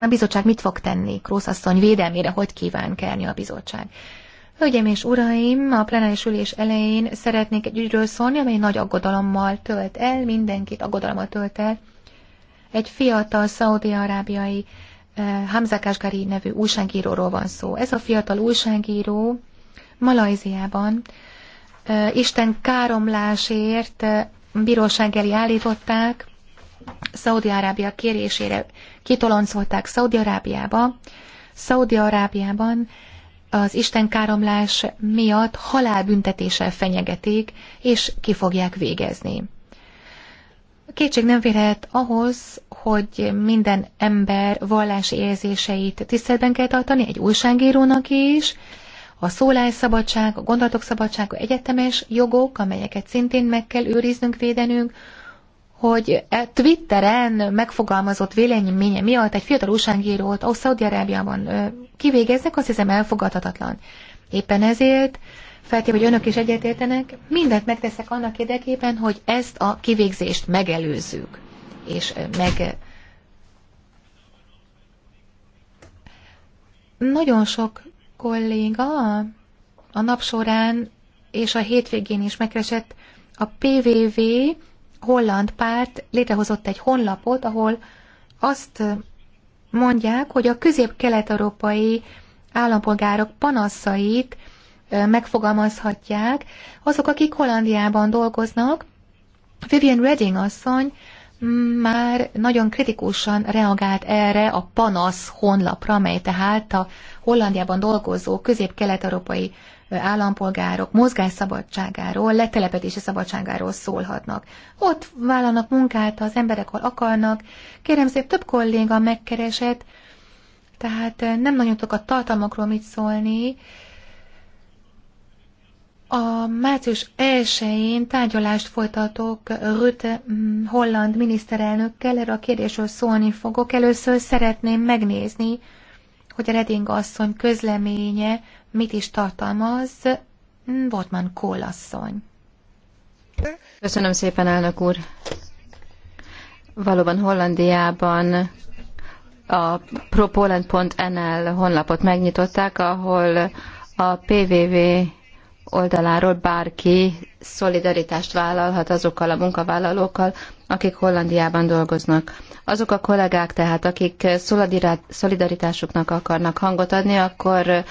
A bizottság mit fog tenni? Krósz asszony védelmére hogy kíván kerni a bizottság? Hölgyeim és uraim, a plenáris ülés elején szeretnék egy ügyről szólni, amely nagy aggodalommal tölt el, mindenkit aggodalommal tölt el. Egy fiatal szaudi-arábiai eh, Hamza Kásgari nevű újságíróról van szó. Ez a fiatal újságíró Malajziában eh, Isten káromlásért eh, bíróság elé állították, Szaudi-Arábia kérésére kitoloncolták Szaudi-Arábiába. Szaudi-Arábiában az káromlás miatt halálbüntetéssel fenyegetik, és ki fogják végezni. Kétség nem férhet ahhoz, hogy minden ember vallási érzéseit tiszteletben kell tartani, egy újságírónak is, a szólásszabadság, a gondolatok szabadsága, egyetemes jogok, amelyeket szintén meg kell őriznünk, védenünk, hogy e Twitteren megfogalmazott véleménye miatt egy fiatal újságírót a Szaudi-Arábiában kivégeznek, azt hiszem elfogadhatatlan. Éppen ezért feltéve, hogy önök is egyetértenek, mindent megteszek annak érdekében, hogy ezt a kivégzést megelőzzük, és meg... Nagyon sok kolléga a nap során és a hétvégén is megkeresett a PVV holland párt létrehozott egy honlapot, ahol azt mondják, hogy a közép-kelet-európai állampolgárok panaszait megfogalmazhatják azok, akik Hollandiában dolgoznak. Vivian Redding asszony már nagyon kritikusan reagált erre a panasz honlapra, amely tehát a Hollandiában dolgozó közép-kelet-európai állampolgárok mozgásszabadságáról, letelepedési szabadságáról szólhatnak. Ott vállalnak munkát az emberek, hol akarnak. Kérem szép, több kolléga megkeresett, tehát nem nagyon tudok a tartalmakról mit szólni, a március 1-én tárgyalást folytatok Rütte mm, holland miniszterelnökkel, erre a kérdésről szólni fogok. Először szeretném megnézni, hogy a Reding asszony közleménye mit is tartalmaz. Votman Kohl asszony. Köszönöm szépen, elnök úr. Valóban Hollandiában a propoland.nl honlapot megnyitották, ahol a PVV oldaláról bárki szolidaritást vállalhat azokkal a munkavállalókkal, akik Hollandiában dolgoznak. Azok a kollégák tehát, akik szolidaritásuknak akarnak hangot adni, akkor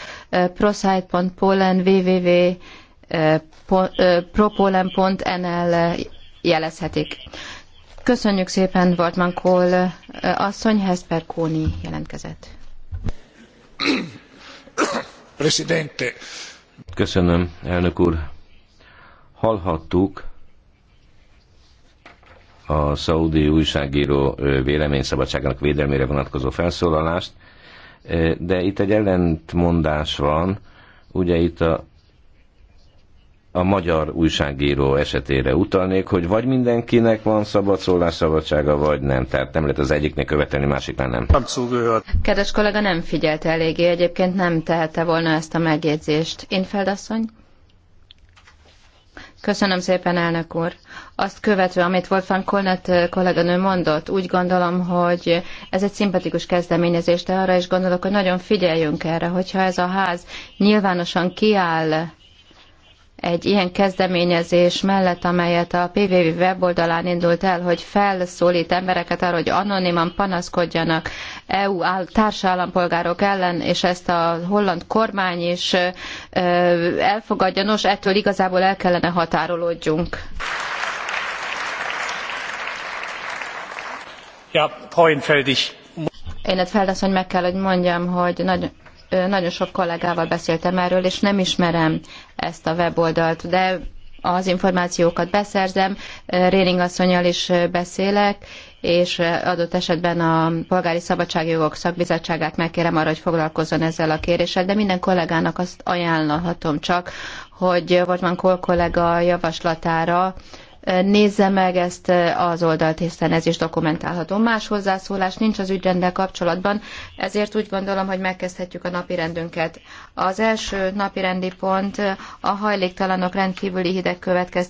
prosite.polen www.propolen.nl jelezhetik. Köszönjük szépen, Wartman Kohl asszony, Hesper Kóni jelentkezett. Presidente, Köszönöm, elnök úr. Hallhattuk a szaudi újságíró véleményszabadságának védelmére vonatkozó felszólalást, de itt egy ellentmondás van, ugye itt a a magyar újságíró esetére utalnék, hogy vagy mindenkinek van szabad szólásszabadsága, vagy nem. Tehát nem lehet az egyiknek követelni, másiknál nem. Kedves kollega nem figyelte eléggé, egyébként nem tehette volna ezt a megjegyzést. Én feldasszony? Köszönöm szépen, elnök úr. Azt követő, amit Wolfgang Kolnet kolléganő mondott, úgy gondolom, hogy ez egy szimpatikus kezdeményezés, de arra is gondolok, hogy nagyon figyeljünk erre, hogyha ez a ház nyilvánosan kiáll egy ilyen kezdeményezés mellett, amelyet a PVV weboldalán indult el, hogy felszólít embereket arra, hogy anoniman panaszkodjanak EU társállampolgárok ellen, és ezt a holland kormány is elfogadja. Nos, ettől igazából el kellene határolódjunk. Ja, is. Én ezt feldasz, hogy meg kell, hogy mondjam, hogy nagyon nagyon sok kollégával beszéltem erről, és nem ismerem ezt a weboldalt, de az információkat beszerzem, Réning asszonyjal is beszélek, és adott esetben a Polgári Szabadságjogok Szakbizottságát megkérem arra, hogy foglalkozzon ezzel a kéréssel, de minden kollégának azt ajánlhatom csak, hogy Vortman Kohl kollega javaslatára nézze meg ezt az oldalt, hiszen ez is dokumentálható. Más hozzászólás nincs az ügyrendel kapcsolatban, ezért úgy gondolom, hogy megkezdhetjük a napi rendünket. Az első napi rendi pont a hajléktalanok rendkívüli hideg következtében